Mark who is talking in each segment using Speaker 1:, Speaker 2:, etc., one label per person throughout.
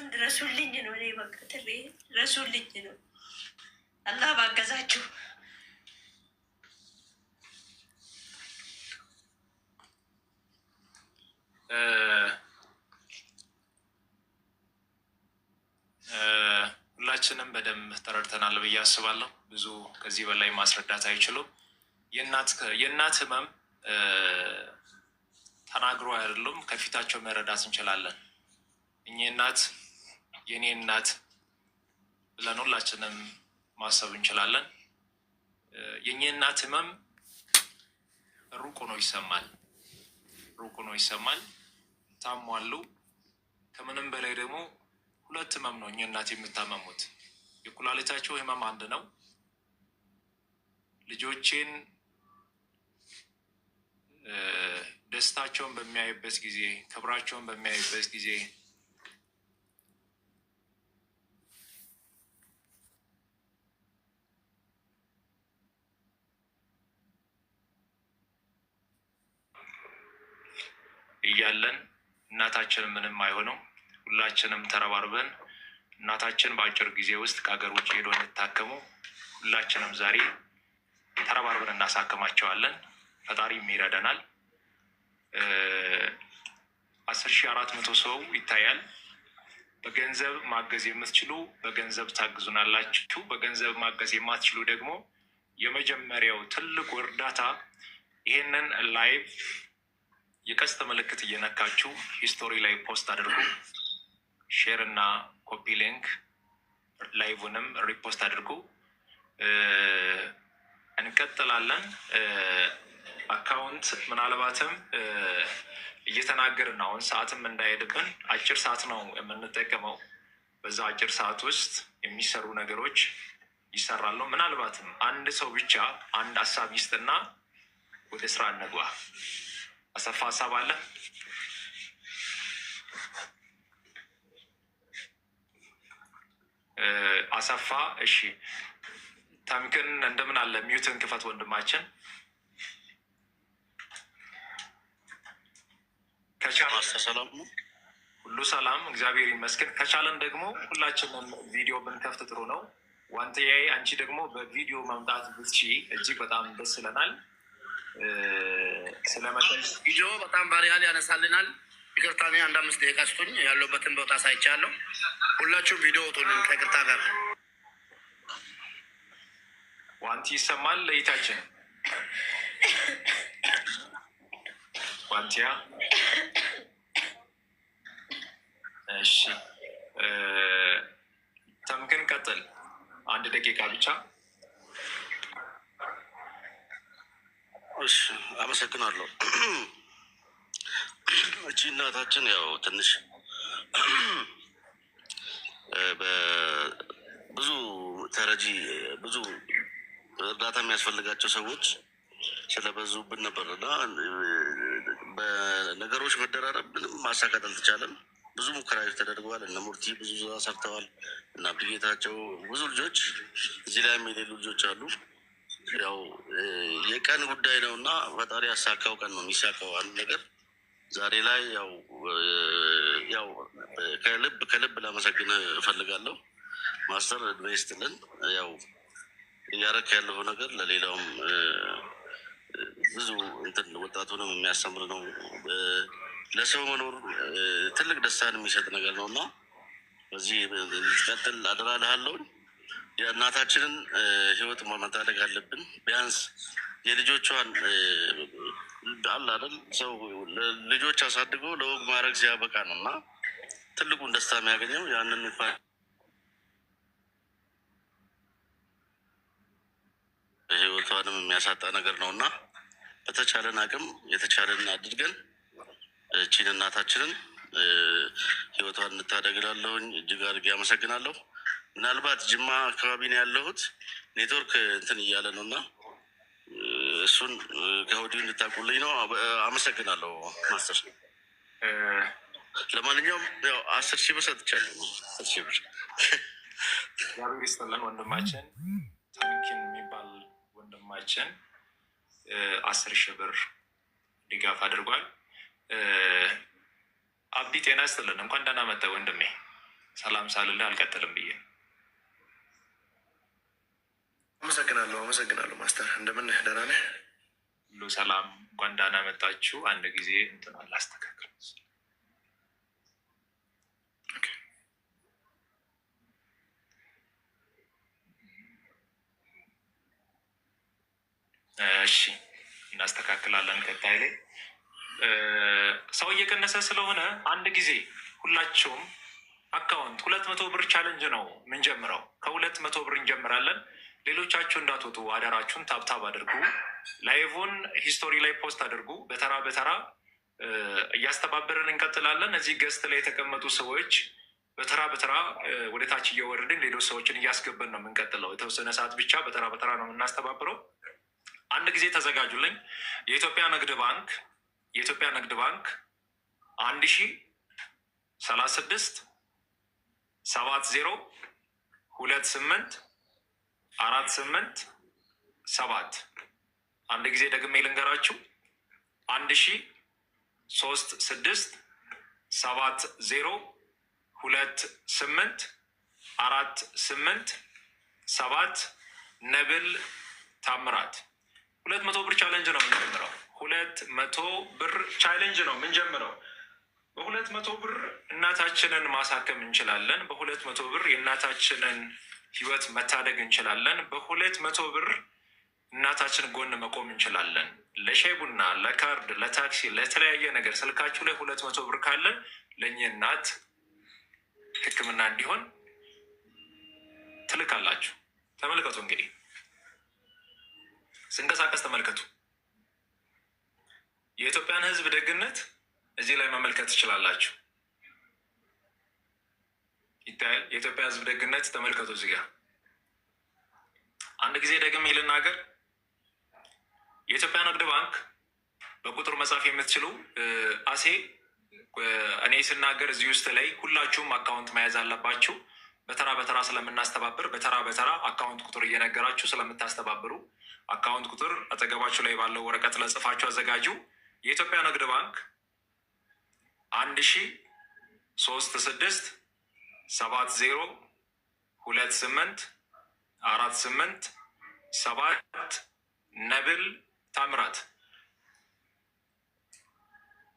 Speaker 1: ስም ድረሱልኝ ነው። እኔ በቃ ጥሪ ድረሱልኝ ነው። አላህ ባገዛችሁ
Speaker 2: ሁላችንም በደንብ ተረድተናል ብዬ አስባለሁ። ብዙ ከዚህ በላይ ማስረዳት አይችሉም። የእናት ህመም ተናግሮ አይደሉም፣ ከፊታቸው መረዳት እንችላለን። እኚህ እናት የኔ እናት ብለን ሁላችንም ማሰብ እንችላለን። የኔ እናት ህመም ሩቅ ነው ይሰማል፣ ሩቅ ነው ይሰማል። ታሟሉ። ከምንም በላይ ደግሞ ሁለት ህመም ነው እኚህ እናት የምታመሙት። የኩላሊታቸው ህመም አንድ ነው። ልጆቼን ደስታቸውን በሚያይበት ጊዜ፣ ክብራቸውን በሚያይበት ጊዜ እያለን እናታችን ምንም አይሆነው። ሁላችንም ተረባርበን እናታችን በአጭር ጊዜ ውስጥ ከሀገር ውጭ ሄዶ እንታከሙ። ሁላችንም ዛሬ ተረባርበን እናሳክማቸዋለን። ፈጣሪም ይረደናል አስር ሺህ አራት መቶ ሰው ይታያል። በገንዘብ ማገዝ የምትችሉ በገንዘብ ታግዙናላችሁ። በገንዘብ ማገዝ የማትችሉ ደግሞ የመጀመሪያው ትልቁ እርዳታ ይህንን ላይቭ የቀስት ምልክት እየነካችሁ ሂስቶሪ ላይ ፖስት አድርጉ። ሼር እና ኮፒ ሊንክ ላይቭንም ሪፖስት አድርጉ። እንቀጥላለን። አካውንት ምናልባትም እየተናገርን ነው። አሁን ሰዓትም እንዳይሄድብን አጭር ሰዓት ነው የምንጠቀመው። በዛ አጭር ሰዓት ውስጥ የሚሰሩ ነገሮች ይሰራሉ። ምናልባትም አንድ ሰው ብቻ አንድ ሀሳብ ይስጥና ወደ ስራ እንግባ። አሰፋ ሀሳብ አለ አሰፋ? እሺ ታምክን እንደምን አለ? ሚዩትን ክፈት ወንድማችን። ሁሉ ሰላም፣ እግዚአብሔር ይመስገን። ከቻለን ደግሞ ሁላችንም ቪዲዮ ብንከፍት ጥሩ ነው። ዋንትያዬ አንቺ ደግሞ በቪዲዮ መምጣት ብትቺ እጅግ በጣም ደስ ይለናል። ስለመጠን ቪዲዮ በጣም ባሪያል ያነሳልናል። ይቅርታ እኔ አንድ አምስት ደቂቃ ስቶኝ ያለበትን ቦታ ሳይቻለሁ። ሁላችሁም ቪዲዮ ውጡልን ከይቅርታ ጋር። ዋንቲ ይሰማል ለይታችን ዋንቲያ እሺ፣ ተምክን ቀጥል። አንድ ደቂቃ ብቻ
Speaker 3: እሺ አመሰግናለሁ። እቺ እናታችን ያው ትንሽ ብዙ ተረጂ ብዙ እርዳታ የሚያስፈልጋቸው ሰዎች ስለበዙብን ነበር እና በነገሮች መደራረብ ምንም ማሳካት አልተቻለም። ብዙ ሙከራዎች ተደርገዋል። እነ ሙርቲ ብዙ ዙራ ሰርተዋል እና ብጌታቸው ብዙ ልጆች እዚህ ላይ የሌሉ ልጆች አሉ። ያው የቀን ጉዳይ ነው እና ፈጣሪ ያሳካው ቀን ነው የሚሳካው። አንድ ነገር ዛሬ ላይ ያው ያው ከልብ ከልብ ላመሰግን እፈልጋለሁ ማስተር ስትልን ያው እያረክ ያለው ነገር ለሌላውም ብዙ እንትን ወጣቱንም የሚያስተምር ነው። ለሰው መኖር ትልቅ ደስታን የሚሰጥ ነገር ነው እና በዚህ እንድትቀጥል አደራ ልሃለሁኝ። የእናታችንን ህይወት ማመታደግ አለብን። ቢያንስ የልጆቿን አለ አይደል ሰው ልጆች አሳድጎ ለወግ ማድረግ ሲያበቃ ነው እና ትልቁን ደስታ የሚያገኘው ያንን እንኳን ህይወቷንም የሚያሳጣ ነገር ነው እና በተቻለን አቅም የተቻለን አድርገን እቺን እናታችንን ህይወቷን እንታደግላለሁኝ። እጅግ አድርጌ አመሰግናለሁ። ምናልባት ጅማ አካባቢ ነው ያለሁት። ኔትወርክ እንትን እያለ ነው እና እሱን ከወዲሁ እንድታቁልኝ ነው። አመሰግናለሁ ማስተር። ለማንኛውም ያው አስር ሺህ ብር ሰጥቻለሁ። አስር ሺህ ብር
Speaker 2: እግዚአብሔር ይስጥልን ወንድማችን። ተምኪን የሚባል ወንድማችን አስር ሺህ ብር ድጋፍ አድርጓል። አብዲ ጤና ይስጥልን። እንኳን ደህና መጣህ ወንድሜ። ሰላም ሳልልህ አልቀጥልም ብዬ
Speaker 3: አመሰግናለሁ አመሰግናለሁ ማስተር እንደምን ደህና ነህ?
Speaker 2: ሁሉ ሰላም። እንኳን ደህና መጣችሁ። አንድ ጊዜ እንትን አላስተካክል እሺ፣ እናስተካክላለን። ከታይ ላይ ሰው እየቀነሰ ስለሆነ አንድ ጊዜ ሁላችሁም አካውንት ሁለት መቶ ብር ቻለንጅ ነው የምንጀምረው። ከሁለት መቶ ብር እንጀምራለን። ሌሎቻችሁ እንዳትወጡ አዳራችሁን ታብታብ አድርጉ። ላይቭን ሂስቶሪ ላይ ፖስት አድርጉ። በተራ በተራ እያስተባበርን እንቀጥላለን። እዚህ ገስት ላይ የተቀመጡ ሰዎች በተራ በተራ ወደ ታች እየወረድን ሌሎች ሰዎችን እያስገበን ነው የምንቀጥለው። የተወሰነ ሰዓት ብቻ በተራ በተራ ነው የምናስተባብረው። አንድ ጊዜ ተዘጋጁልኝ። የኢትዮጵያ ንግድ ባንክ የኢትዮጵያ ንግድ ባንክ አንድ ሺ ሰላሳ ስድስት ሰባት ዜሮ ሁለት ስምንት አራት ስምንት ሰባት አንድ ጊዜ ደግሜ ልንገራችሁ አንድ ሺ ሶስት ስድስት ሰባት ዜሮ ሁለት ስምንት አራት ስምንት ሰባት ነብል ታምራት ሁለት መቶ ብር ቻለንጅ ነው የምንጀምረው። ሁለት መቶ ብር ቻለንጅ ነው የምንጀምረው። በሁለት መቶ ብር እናታችንን ማሳከም እንችላለን። በሁለት መቶ ብር የእናታችንን ህይወት መታደግ እንችላለን። በሁለት መቶ ብር እናታችን ጎን መቆም እንችላለን። ለሻይ ቡና፣ ለካርድ፣ ለታክሲ፣ ለተለያየ ነገር ስልካችሁ ላይ ሁለት መቶ ብር ካለን ለእኚህ እናት ህክምና እንዲሆን ትልካላችሁ። ተመልከቱ እንግዲህ ስንቀሳቀስ ተመልከቱ። የኢትዮጵያን ህዝብ ደግነት እዚህ ላይ መመልከት ትችላላችሁ። ይታያል። የኢትዮጵያ ህዝብ ደግነት ተመልከቱ። እዚህ ጋር አንድ ጊዜ ደግሜ ልናገር። የኢትዮጵያ ንግድ ባንክ በቁጥር መጻፍ የምትችሉ አሴ እኔ ስናገር እዚህ ውስጥ ላይ ሁላችሁም አካውንት መያዝ አለባችሁ። በተራ በተራ ስለምናስተባብር በተራ በተራ አካውንት ቁጥር እየነገራችሁ ስለምታስተባብሩ አካውንት ቁጥር አጠገባችሁ ላይ ባለው ወረቀት ለጽፋችሁ አዘጋጁ። የኢትዮጵያ ንግድ ባንክ አንድ ሺ ሶስት ስድስት ሰባት ዜሮ ሁለት ስምንት አራት ስምንት ሰባት ነብል ታምራት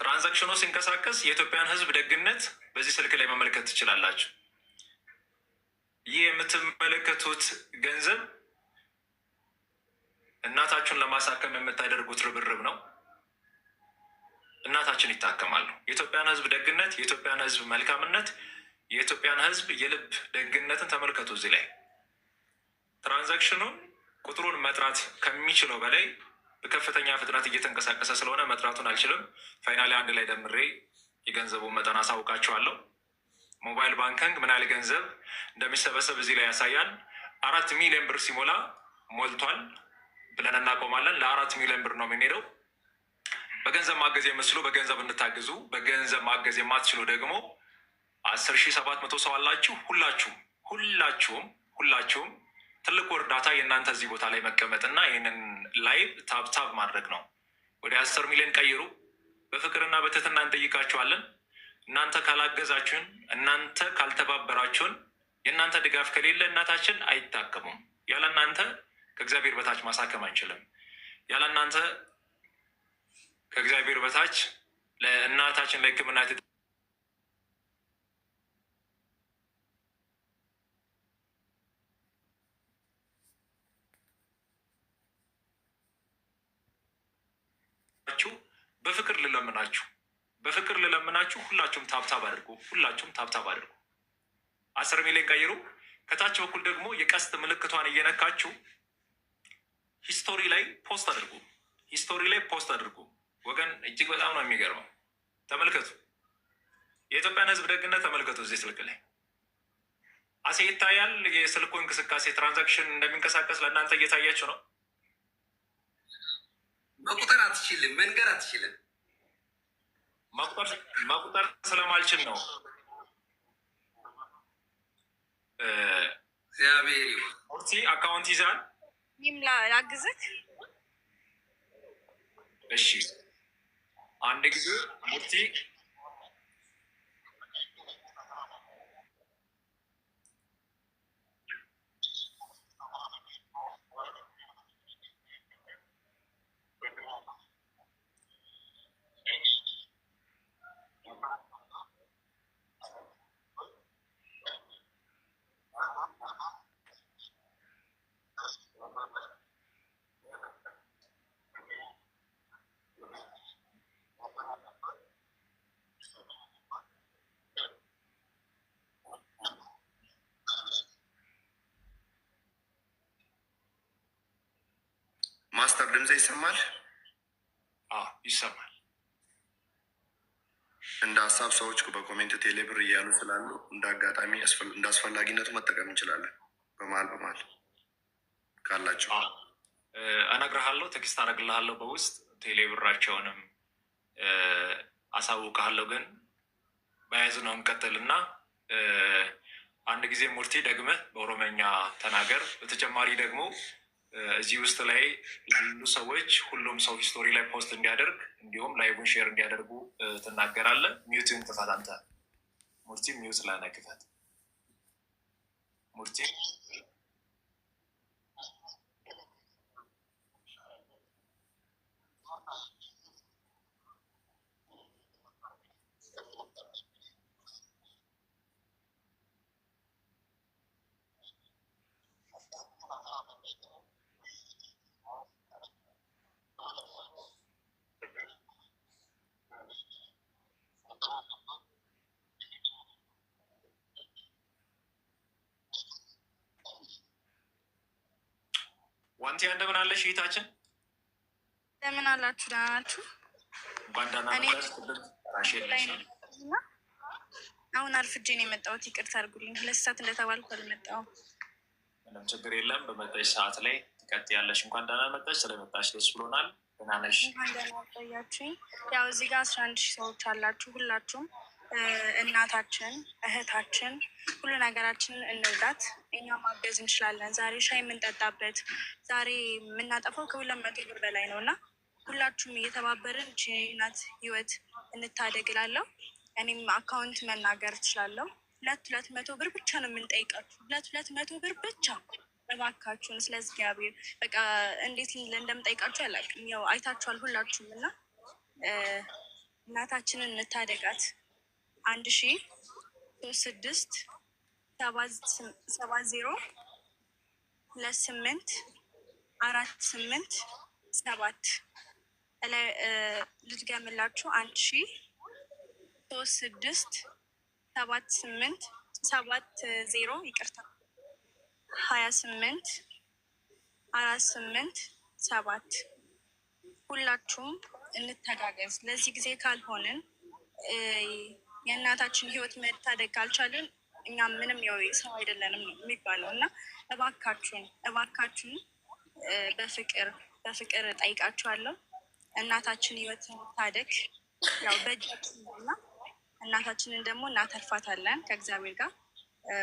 Speaker 2: ትራንዛክሽኑ ሲንቀሳቀስ የኢትዮጵያን ሕዝብ ደግነት በዚህ ስልክ ላይ መመልከት ትችላላችሁ። ይህ የምትመለከቱት ገንዘብ እናታችሁን ለማሳከም የምታደርጉት ርብርብ ነው። እናታችን ይታከማሉ። የኢትዮጵያን ሕዝብ ደግነት፣ የኢትዮጵያን ሕዝብ መልካምነት የኢትዮጵያን ህዝብ የልብ ደግነትን ተመልከቱ። እዚህ ላይ ትራንዛክሽኑን ቁጥሩን መጥራት ከሚችለው በላይ በከፍተኛ ፍጥነት እየተንቀሳቀሰ ስለሆነ መጥራቱን አልችልም። ፋይናሊ አንድ ላይ ደምሬ የገንዘቡን መጠን አሳውቃቸዋለሁ። ሞባይል ባንኪንግ ምን ያህል ገንዘብ እንደሚሰበሰብ እዚህ ላይ ያሳያል። አራት ሚሊዮን ብር ሲሞላ ሞልቷል ብለን እናቆማለን። ለአራት ሚሊዮን ብር ነው የምንሄደው። በገንዘብ ማገዝ የምትችሉ በገንዘብ እንድታግዙ፣ በገንዘብ ማገዝ የማትችሉ ደግሞ አስር ሺህ ሰባት መቶ ሰው አላችሁ። ሁላችሁ ሁላችሁም ሁላችሁም ትልቁ እርዳታ የእናንተ እዚህ ቦታ ላይ እና ይህንን ላይቭ ታብታብ ማድረግ ነው። ወደ አስር ሚሊዮን ቀይሩ። በፍቅርና በትህትና እንጠይቃችኋለን። እናንተ ካላገዛችሁን፣ እናንተ ካልተባበራችሁን፣ የእናንተ ድጋፍ ከሌለ እናታችን አይታከሙም። ያለ እናንተ ከእግዚአብሔር በታች ማሳከም አንችልም። ያለ እናንተ ከእግዚአብሔር በታች ለእናታችን ለሕክምና በፍቅር ልለምናችሁ በፍቅር ልለምናችሁ ሁላችሁም ታብታብ አድርጉ፣ ሁላችሁም ታብታብ አድርጉ። አስር ሚሊዮን ቀይሩ። ከታች በኩል ደግሞ የቀስት ምልክቷን እየነካችሁ ሂስቶሪ ላይ ፖስት አድርጉ፣ ሂስቶሪ ላይ ፖስት አድርጉ። ወገን እጅግ በጣም ነው የሚገርመው። ተመልከቱ፣ የኢትዮጵያን ህዝብ ደግነት ተመልከቱ። እዚህ ስልክ ላይ አሴ ይታያል። የስልኩ እንቅስቃሴ ትራንዛክሽን እንደሚንቀሳቀስ ለእናንተ እየታያችሁ ነው።
Speaker 3: መቁጠር አትችልም፣ መንገር አትችልም። መቁጠር ስለማልችል ነው። እግዚአብሔር
Speaker 2: ርቲ አካውንት ይዛል
Speaker 1: ይምላ ላግዝህ።
Speaker 2: እሺ አንድ ጊዜ ሙርቲ ማስተር ድምፅ ይሰማል ይሰማል። እንደ ሀሳብ ሰዎች በኮሜንት ቴሌብር እያሉ ስላሉ እንደ አጋጣሚ እንደ አስፈላጊነቱ መጠቀም እንችላለን። በመሀል በመሀል ካላቸው እነግርሃለሁ፣ ቴክስት አደርግልሃለሁ በውስጥ ቴሌብራቸውንም አሳውቅሃለሁ። ግን በያዝነው እንቀጥልና አንድ ጊዜ ሙርቲ ደግመህ በኦሮመኛ ተናገር። በተጨማሪ ደግሞ እዚህ ውስጥ ላይ ያሉ ሰዎች ሁሉም ሰው ስቶሪ ላይ ፖስት እንዲያደርግ እንዲሁም ላይቡን ሼር እንዲያደርጉ ትናገራለህ። ሚዩትን ክፈት አንተ ሙርቲ፣ ሚዩት ላነክፈት ሙርቲ አንቲያ እንደምን አለሽ እህታችን?
Speaker 1: እንደምን አላችሁ?
Speaker 2: ደህና ናችሁ?
Speaker 1: አሁን አርፍጄ ነው የመጣሁት። ይቅርታ አድርጉልኝ። ሁለት ሰዓት እንደተባልኩ አልመጣሁም።
Speaker 2: ምንም ችግር የለም። በመጣሽ ሰዓት ላይ ያለሽ። እንኳን ደህና መጣሽ። ስለመጣሽ ደስ ብሎናል።
Speaker 1: ደህና ነሽ? ያው እዚህ ጋር አስራ አንድ ሺህ ሰዎች አላችሁ ሁላችሁም እናታችን እህታችን፣ ሁሉ ነገራችንን እንርዳት። እኛ ማገዝ እንችላለን። ዛሬ ሻይ የምንጠጣበት ዛሬ የምናጠፋው ከሁለት መቶ ብር በላይ ነው እና ሁላችሁም እየተባበርን እናት ህይወት እንታደግላለው። እኔም አካውንት መናገር ትችላለሁ። ሁለት ሁለት መቶ ብር ብቻ ነው የምንጠይቃችሁ። ሁለት ሁለት መቶ ብር ብቻ እባካችሁን። ስለ እግዚአብሔር በቃ እንዴት እንደምጠይቃችሁ አላውቅም። ያው አይታችኋል ሁላችሁም እና እናታችንን እንታደጋት። አንድ ሺ ሶስት ስድስት ሰባት ዜሮ ሁለት ስምንት አራት ስምንት ሰባት ልድገምላችሁ። አንድ ሺ ሶስት ስድስት ሰባት ስምንት ሰባት ዜሮ ይቅርታ ሀያ ስምንት አራት ስምንት ሰባት ሁላችሁም እንተጋገዝ። ለዚህ ጊዜ ካልሆንን የእናታችን ህይወት መታደግ ካልቻልን እኛ ምንም ያው ሰው አይደለንም የሚባለው እና እባካችሁን እባካችሁን በፍቅር በፍቅር ጠይቃችኋለሁ እናታችን ህይወት መታደግ ያው በእጃችንና እናታችንን ደግሞ እናተርፋታለን ከእግዚአብሔር ጋር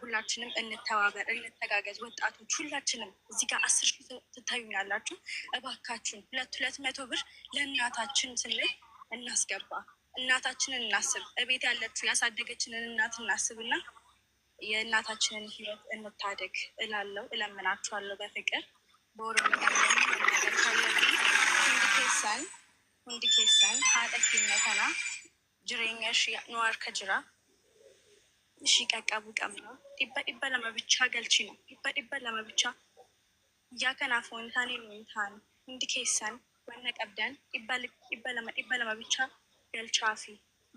Speaker 1: ሁላችንም እንተባበር፣ እንተጋገዝ። ወጣቶች ሁላችንም እዚህ ጋር አስር ሺ ትታዩኛላችሁ። እባካችሁን ሁለት ሁለት መቶ ብር ለእናታችን ስንል እናስገባ። እናታችንን እናስብ። እቤት ያለችው ያሳደገችንን እናት እናስብና የእናታችንን ህይወት እንታደግ እላለው እለምናችኋለሁ በፍቅር በኦሮሚያሳን ሁንዲኬሳን ሁንዲኬሳን ሀጠኪነተና ጅሬኛሽ ነዋር ከጅራ እሺ ቀቀቡ ቀም ነው ዲበ ዲበ ለመብቻ ገልቺ ነው ዲበ ዲበ ለመብቻ እያከናፈ ወንታኔ ወንታን ሁንዲኬሳን ወነቀብደን ዲበ ዲበ ለመብቻ ገልቻፊ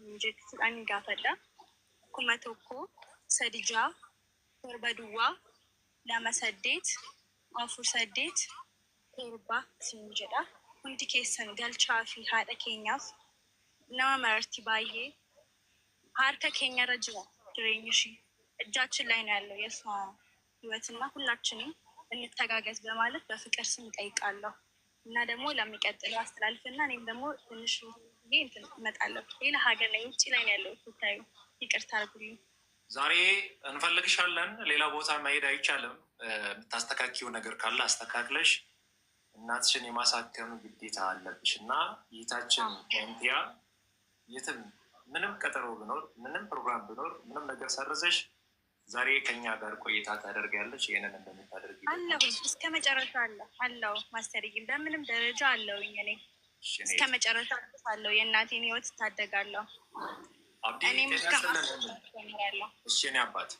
Speaker 1: እንጂ ስጣኝ ጋፈለ ኩመቶኮ ሰድጃ ቶርበድዋ ለመሰዴት አፉ ሰዴት ቶርባ ሲንጀዳ ሁንዲ ኬሰን ገልቻፊ ሀደ ኬኛፍ ነማ መርቲ ባዬ ሀርከ ኬኛ ረጅሞ ድሬኝሽ እጃችን ላይ ነው ያለው የእሷ ህይወትና ሁላችንም እንተጋገዝ በማለት በፍቅር ስም እጠይቃለሁ። እና ደግሞ ለሚቀጥለው አስተላልፍና እኔም ደግሞ ትንሽ እንትን እመጣለሁ። ሌላ ሀገር ላይ ውጭ ላይ ያለው ይቅርታ
Speaker 2: ዛሬ እንፈልግሻለን። ሌላ ቦታ መሄድ አይቻልም። የምታስተካኪው ነገር ካለ አስተካክለሽ እናትሽን የማሳከም ግዴታ አለብሽ እና ይታችን የትም ምንም ቀጠሮ ብኖር ምንም ፕሮግራም ብኖር ምንም ነገር ሰርዘሽ ዛሬ ከኛ ጋር ቆይታ ታደርጊያለሽ። ይህንን እንደምታደርግ
Speaker 1: አለሁ እስከ መጨረሻ አለ አለው ማስተርይም በምንም ደረጃ አለውኝ እኔ እስከ መጨረሻ አለው። የእናቴን ህይወት ታደጋለሁ።
Speaker 2: እኔም እስከ ጀምራለሁ። እሺ አባት